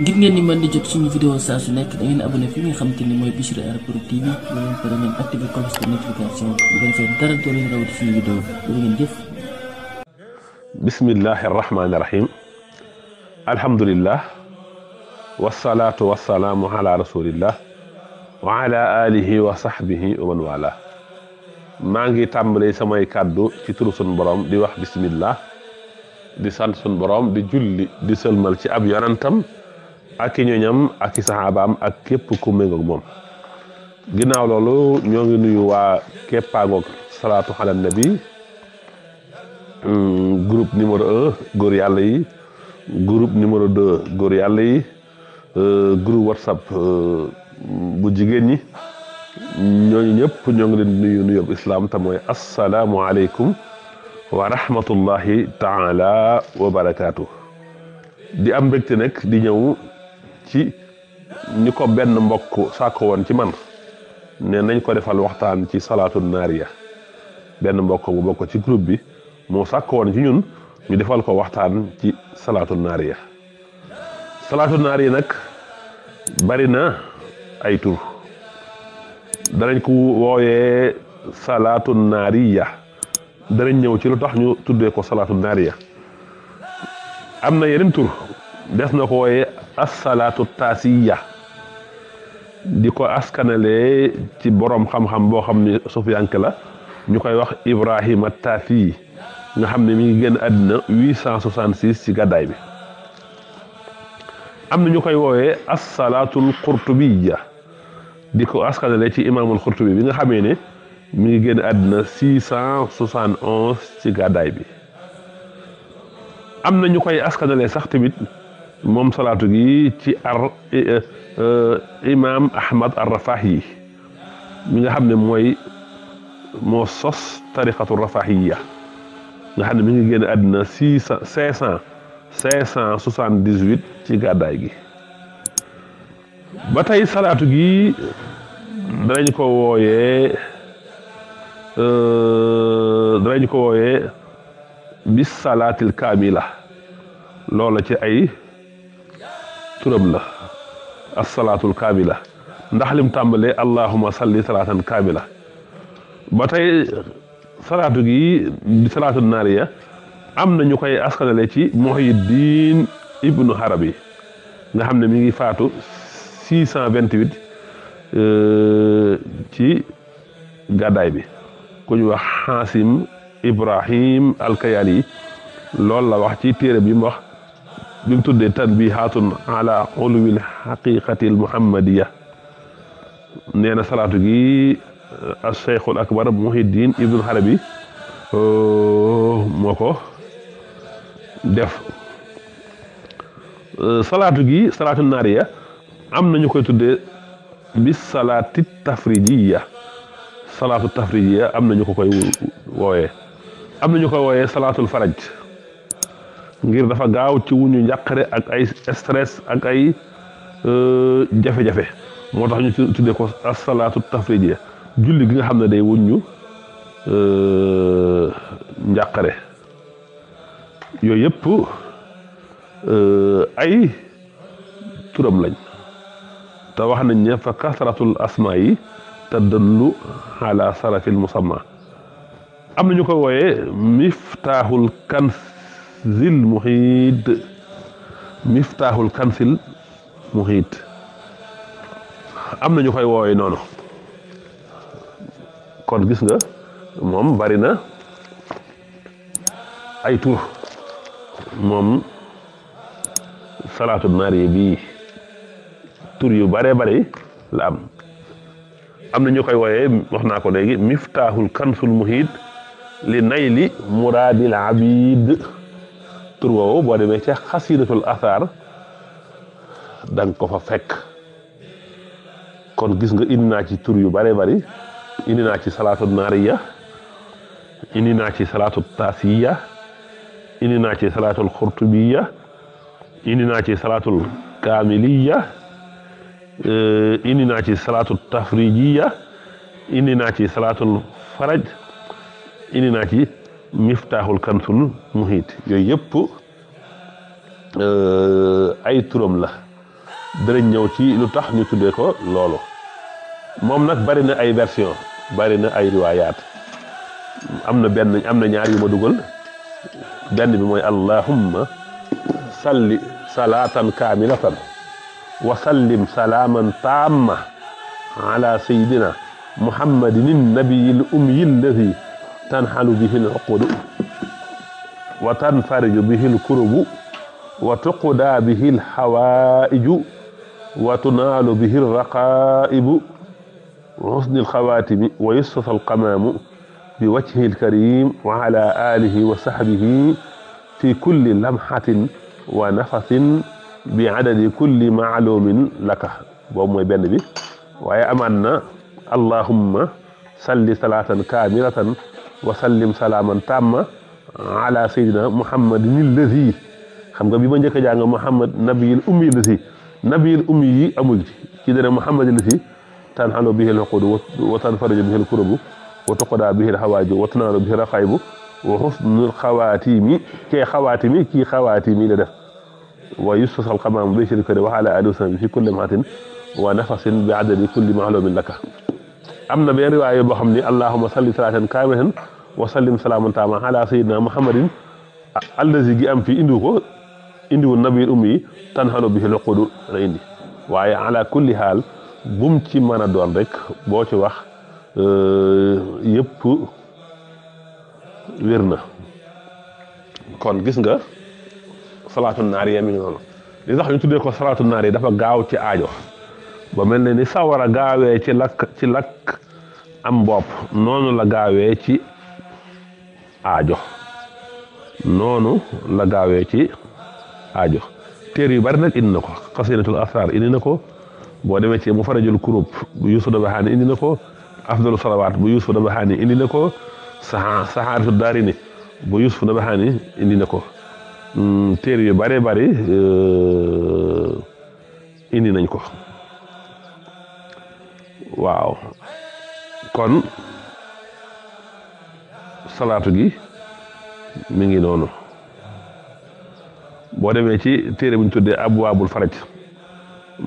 ngir ngeen ni mën di jot suñu vidéo saa su nekk da ngeen abonné fi nga xam te ni mooy Bichri Airport TV ba ngeen pare ngeen activé cloche de notification bu ko defee dara doo leen rawati suñu vidéo doo ngeen jëf bismillahi arrahmani irahim alhamdulillah wasalaatu wasalaamu ala rasulillah wa ala alihi wa sahbihi wa man wala maa ngi tàmbalee samay kàddu ci turu sun borom di wax bismillah di sant sun borom di julli di sëlmal ci ab yonantam ak ñoñam ak i ak képp ku méngoog moom ginnaaw loolu ñoo ngi nuyu waa keppaangoog salaatu xala nabi mm, groupe numéro un góor góor yàlla yi euh, groupe whatsapp euh, bu jigéen ñi ñooñu ñëpp ñoo ngi leen nuyu nuyoob islam te mooy asalaamualeykum wa rahmatullahi taala di am mbégte nag ci ñi ko benn mbokk sàkko woon ci man ne nañ ko defal waxtaan ci salaatu naariya benn mbokk mu bokk ci groupe bi moo sàkko woon ci ñun ñu defal ko waxtaan ci salaatu naariya salaatu naariya nag bari na ay tur danañ ko wooyee salaatu naariya danañ ñëw ci lu tax ñu tuddee ko salaatu naariya am na yeneen tur des na ko wooye asalaatu taasiya di ko askanalee ci boroom xam-xam boo xam ne sufiyank la ñu koy wax Ibrahima Taafi nga xam ne mi ngi génn àddina 866 ci gàddaay bi am na ñu koy wooyee assalaatul qurtubiya di ko askanale ci imaamul qurtubi bi nga xamee ne mi ngi génn àddina 671 ci gàddaay bi am na koy askanale sax tamit moom salaatu gi ci ar e, e, imaam Ahmad ar-Rafahi mi nga xam ne mooy moo sos tariqatu rafahiya nga xam ne mi ngi génn àddina six cent cinq cent cinq ci gàddaay gi ba tey salaatu gi danañ ko wooyee e, danañ ko wooyee bis salaatil kaamila loola ci ay turam la assalaatul kaamila ndax tàmbale tàmbalee allahuma salli salaatan kaamila ba tey salaatu gi di salaatu naariya am na ñu koy askanale ci Muhyiddin ibnu Arabi nga xam ne mi ngi faatu 628 euh, ci gàddaay bi ku ñu wax Xaasim Ibrahim Alkayaali loolu la wax ci téere bi mu wax bi mu tuddee tanbihatun ala ulwil xaqiqatil muhammadiya nee na salaatu gi eh, al cheikhul akbar muhiddin ibnul xarabi oh, moo ko def eh, salaatu gi salaatu naariya am nañu koy tuddee bi salaati tafrijiya salaatu am nañu ko koy wooyee am nañu salaatul faraj ngir dafa gaaw ci wuñu njàqare ak ay stress ak ay euh, jafe-jafe moo tax ñu tuddee ko asalaatu tafrijiya julli gi nga xam ne day wuñu euh, njàqare yooyu yëpp euh, ay turam lañ te wax nañ ne fa kasratul asmaa yi tadallu ala sarafil musamma am na ñu ko wooyee miftaahul kans zil muhit miftaaxul kansil muhit am na ñu koy woowee noonu kon gis nga moom bari na ay tur moom salaatu naari bii tur yu bare bari la am am na ñu koy wooyee wax naa ko léegi miftaaxul kansul muhit li nayli muraadil abid tur woowu boo demee ca xasiidatul athar da nga ko fa fekk kon gis nga indi naa ci tur yu bare bari indi naa ci salaatu naariya indi naa ci salaatu taasiya indi naa ci salaatul xurtubiya indi naa ci salaatul kaamiliya eh, indi naa ci salaatul tafrijiya indi naa ci salaatul faraj indi miftaaxul kansul muhit yooyu yëpp euh, ay turam la danañ ñëw ci lu tax ñu tuddee ko loolu moom nag bari na ay version bari na ay riwaayaat am na benn am na ñaar yu ma dugal benn bi mooy allahumma salli salaatan kaamilatan wa sallim salaaman taamma ala sayidina muhammadin nabiyi l umyi alladi tanhalu bihi al-uqudu wa tanfariju bihi al-kurubu wa tuqda bihi al-hawaa'iju wa tunaalu bihi al-raqaa'ibu wa husni al-khawaatimi wa yusfa al-qamaamu bi wajhihi al-kariim wa ala aalihi wa sahbihi fi kulli lamhatin wa nafasin bi adadi kulli maalumin laka boobu mooy benn bi waaye amaan na allahumma salli salaatan kaamilatan wasallim salaaman tamma ala sayyidina muhammadin allazi xam nga bi ma njëkk a jàng muhammad nabiyil ummi lazi nabiyil ummi yi amul ci dana muhammadin lazi tanhalu bihi alxuqudu wa tanfaraju bihi alkurubu wa tuqada bihi alxawaaju wa tanaalu bihi alraqaybu wa xusnul xawaatimi kee xawaatimi kii xawaatimi la def wa yusfasal xamaam bi shirkari wa ala alihi wa sahbihi fi kulli maatin wa nafasin bi adadi kulli mahlumin laka am na benn riwaay boo xam ni allahumma salli salaatan kaamilatan wa sallim salaaman taaman ala sayyidina muhammadin allazi gi am fii indiwu ko indiwu nabiyul ummi yi tanhalu bihi luqudu indi waaye ala kulli haal bum ci mën a doon rek boo ci wax euh, yëpp wér kon gis nga salaatu naar yi mi ngi noonu li tax ñu tuddee ko salaatu naar yi dafa gaaw ci aajo ba mel ne ni sawara gaawee ci lakk ci lakk am bopp noonu la gaawee ci aajo noonu la gaawee ci aajo téer yu bari nag indi na ko xasinatul asrar indi na ko boo demee ci mu farajul kurub bu yuusu dabaxaani indi na ko afdalu salawaat bu yuusu indi na ko saxaa saxaaritu daarini bu yuusu dabaxaani indi na ko hmm, téer yu bare bari euh, indi nañ ko waaw kon salaatu gi mi ngi noonu boo demee ci téere bu ñu tuddee abwaabul faraj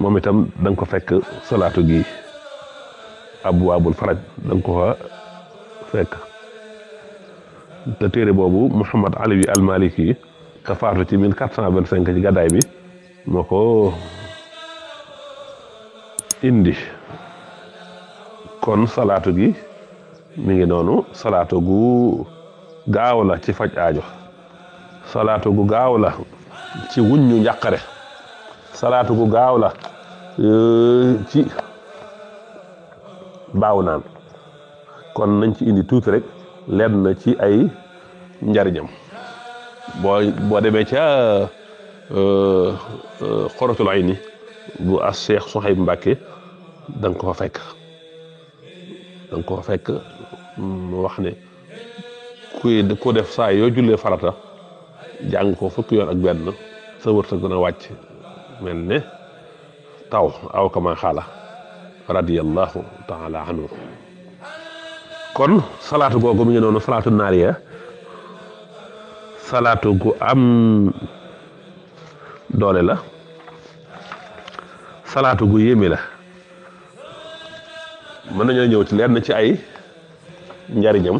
moom itam da ko fekk salaatu gi abwaabul faraj da nga ko fa fekk te téere boobu Muhammad Alawi al-Maliki ka faatu ci 1425 ci gàddaay mi moo ko indi kon salaatu gi mi ngi noonu salaatu gu gaaw la ci faj aajo salaatu gu gaaw la ci wuññu njaqare salaatu gu gaaw la e, ci baaw naan kon nañ ci indi tuuti rek lenn na ci ay njariñam boo demee ca e, e, xoratul ni bu as Cheikh Soxayb Mbàkke da ko fa fekk da nga ko fekk wax ne kuy ku def saa yoo jullee farata jàng ko fukki yoon ak benn sa wërsëg dana wàcc mel ne taw aw kama xaala radiyallahu taala anhu kon salaatu googu mi ngi noonu salaatu naariya salaatu gu am doole la salaatu gu yéeme la mën nañoo ñëw ci lenn ci ay njariñam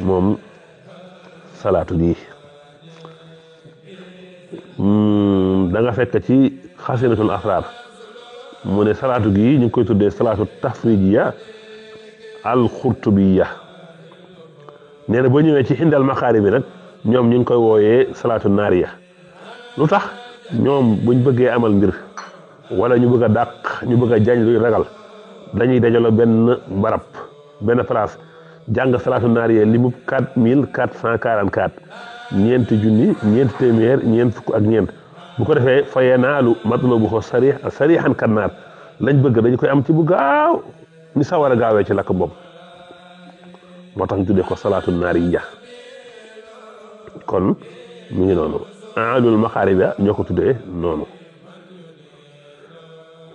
moom salaatu gi hmm, da nga fekk ci xasinatul asraar mu ne salaatu gi ñu ngi koy tuddee salaatu tafrijiya al xurtubiya nee na boo ñëwee ci xindal maxaari bi nag ñoom ñu koy wooyee salaatu naariya lu tax ñoom buñ bëggee amal mbir wala ñu bëgg a dàq ñu bëgg a jañ luy ragal dañuy dajaloo benn barab benn place jàng salaatu naariya limu quatre mille quatre cent quarante quatre ñeenti junni ñeenti téeméer ñeent fukk ak ñeent bu ko defee fa bu ko xo sari sarixan kannaar lañ bëgg dañu koy am ci bu gaaw ñu sa war gaawee ci lakk bopp moo tax ñu tuddee ko salaatu naariya kon mu ngi noonu aalul maxaariba ñoo ko tuddee noonu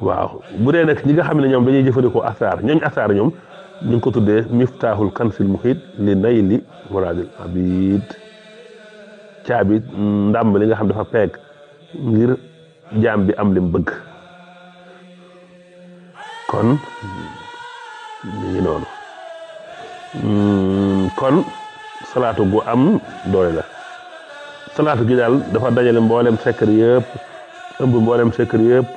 waaw bu dee nag ñi nga xam ne ñoom ba ñuy jëfandikoo asaar ñooñ asaar ñoom ñu ngi ko tuddee miftaaxul kansil muhit li nay li muraadil abid caabi ndàmb li nga xam dafa peeg ngir jaam bi am lim bëgg kon mi noonu hmm, kon salaatu gu am doole la salaatu gi daal dafa dajale mboolem secret yëpp ëmb mboolem secret yëpp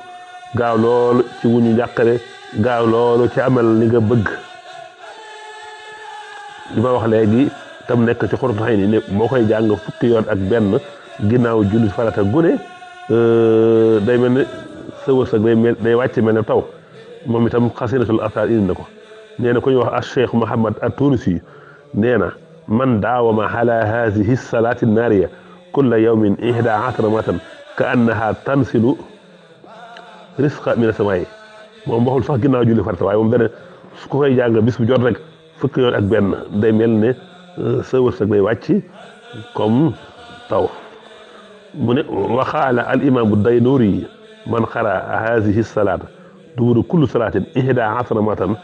gaaw loolu ci wuñu njàqare gaaw loolu ci amal li nga bëgg li ma wax léegi tam nekk ci xurtu xay ni ne moo koy jàng fukki yoon ak benn ginnaaw julli farata gune euh, day mel ne sa wërsëg day mel day wàcc mel ne taw moom itam xasinatul asar indi na ko nee na ku ñu wax a cheikh Mouhamad at Tunisi nee na man daawama ala hadihi salaati naariya kulla yawmin ihda asra matan ka annaha tansilu risqa mina samaay moom waxul sax ginnaaw julli farata waaye moom dana su ko koy jàng bis bu jot rek fukki yoon ak benn day mel ne euh, sa wërsëg day wàcc comme taw mu ne waxaala al imaamu daynuuri man xara haadihi salaat duuru kullu salaatin ihda asra matan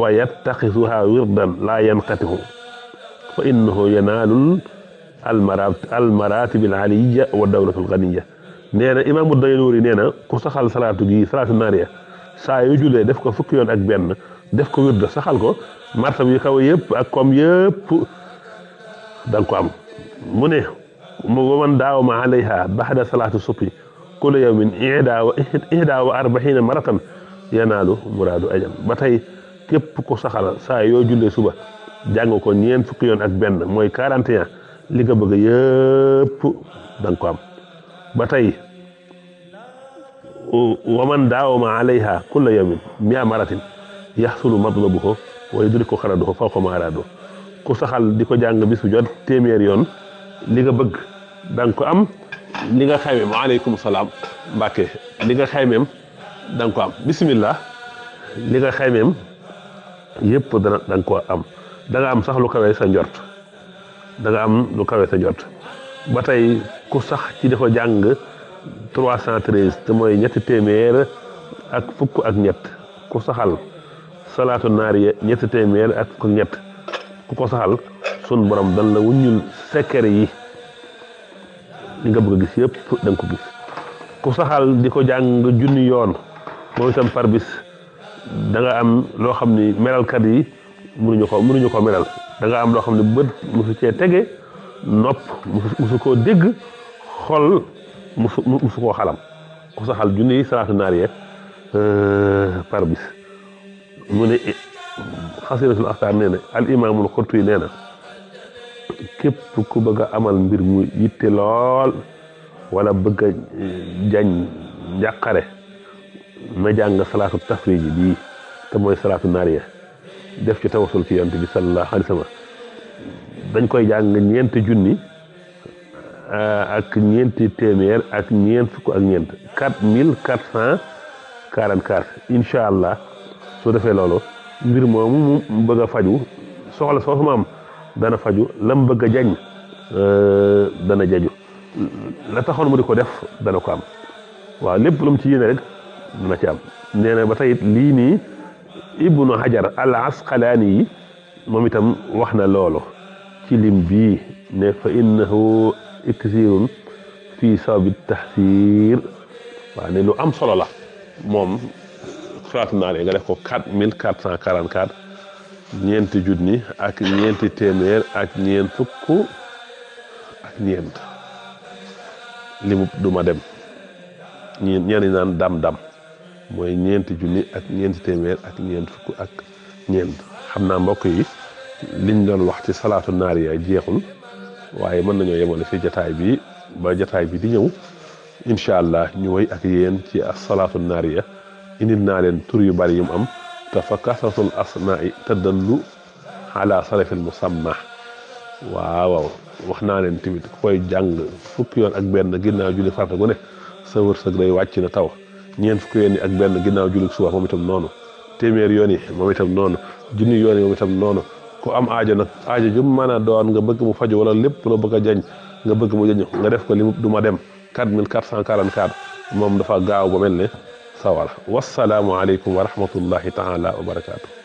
wa yattaxisuha wirdan laa yanqatihu fa innahu yanaalul almaraatib alaliya wa dawlatu alganiya nee na imaamu Daynuuri nee na ku saxal salaatu gi salaatu naariya saa yu jullee def ko fukki yoon ak benn def ko wird saxal ko martab yu kaw yëpp ak koom yëpp da ko am mu ne mu man daawama alayha baxda salaatu subhi kulla yawmin ihdaa wa ihdaa arbaxiina maratan yanaalu muraadu ajam ba tey képp ku saxal saa yoo jullee suba jàng ko ñeent fukki yoon ak benn mooy 41 li ko bëgg yëpp da ko am ba tey waman daawama alayha kulla yawmin mia maratin yaxsulu matlabuhu wa yudriku xaraduhu fawqa ma araado ku saxal di ko jàng bis bu jot téeméer yoon li nga bëgg da ko am li nga xaymeem aleykum salaam mbàkke li nga xaymeem da ko am bisimilah li nga xaymeem yëpp dana da nga ko am da am sax lu kawe sa njort da am lu kawe sa njort ba tey ku sax ci dafa jàng 313 te mooy ñetti téeméer ak fukk ak ñett ku saxal salaatu naariya ñetti téeméer ak fukk ñett ku ko saxal sun borom dan la wuññul sekkere yi li nga bëgg a gis ku saxal di ko jàng junni yoon moom itam am loo xam ni meralkat yi mënuñu ko mënuñu ko meral da am loo xam ne bët mosu cee tege nopp mosu koo dégg xol musu musu koo xalam ku saxal junne yi salaatu naariya euh, par bis mu ne xasiratul aftar nee na al imaamul xurtuy nee na képp ku bëgg a amal mbir mu yitte lool walla bëgga a euh, jañ njàqare na jàng salaatu tafriji bii te mooy salaatu naariya def ci tawasul ci yonent bi sallallahu alayhi dañ koy jàng ñeenti junni Euh, ak ñeent téeméer ak ñeent fukk ak ñeent quatre mille quatre cent quarante quatre incha allah soo defee loolo mbir moomu mu bëgg faju soxla soosu ma am dana faju lam bëgg a jañ euh, dana jaju la taxoon mu di ko def dana ko am waaw lépp lu mu ci yéene rek dana ci am ba tey it nii ibnu hajar al asqalaani yi moom itam wax na loolu ci lim ne fa innahu iksirun fii sababit taxsir waa ne lu am solo la moom xalaatu naa léegi nga def ko quatre mille quatre cent quarante quatre ñeenti junni ak ñeenti téeméer ak ñeent fukk ak ñeent limu duma dem ñeent ñeenti naan dam mooy ñeenti junni ak ñeenti téeméer ak ñeent fukk ak ñeent xam naa mbokk yi liñ doon wax ci salaatu naariya jeexul waaye mën nañoo yemale fi jataay bi ba jataay bi di ñëw incha allah ñu woy ak yéen ci asalaatu naariya indil naa leen tur yu bari yu am te fa kasratul asmaai tadallu ala sarafil musamma waaw wax naa leen tamit ku koy jàng fukki yoon ak benn ginnaaw julli farata gu ne sa wërsëg day wàcc na taw ñeen fukki yoon yi ak benn ginnaaw julli suba moom itam noonu téeméer yoon yi moom itam noonu junni yoon yi moom itam noonu ku am aajo nag aajo ju mën a doon nga bëgg mu fajo wala lépp loo bëgg a jañ nga bëgg mu jañu nga def ko li du ma dem 4444 moom dafa gaaw ba mel ne sawar wasalaamualeykum wa rahmatullahi taala wa barakaatu.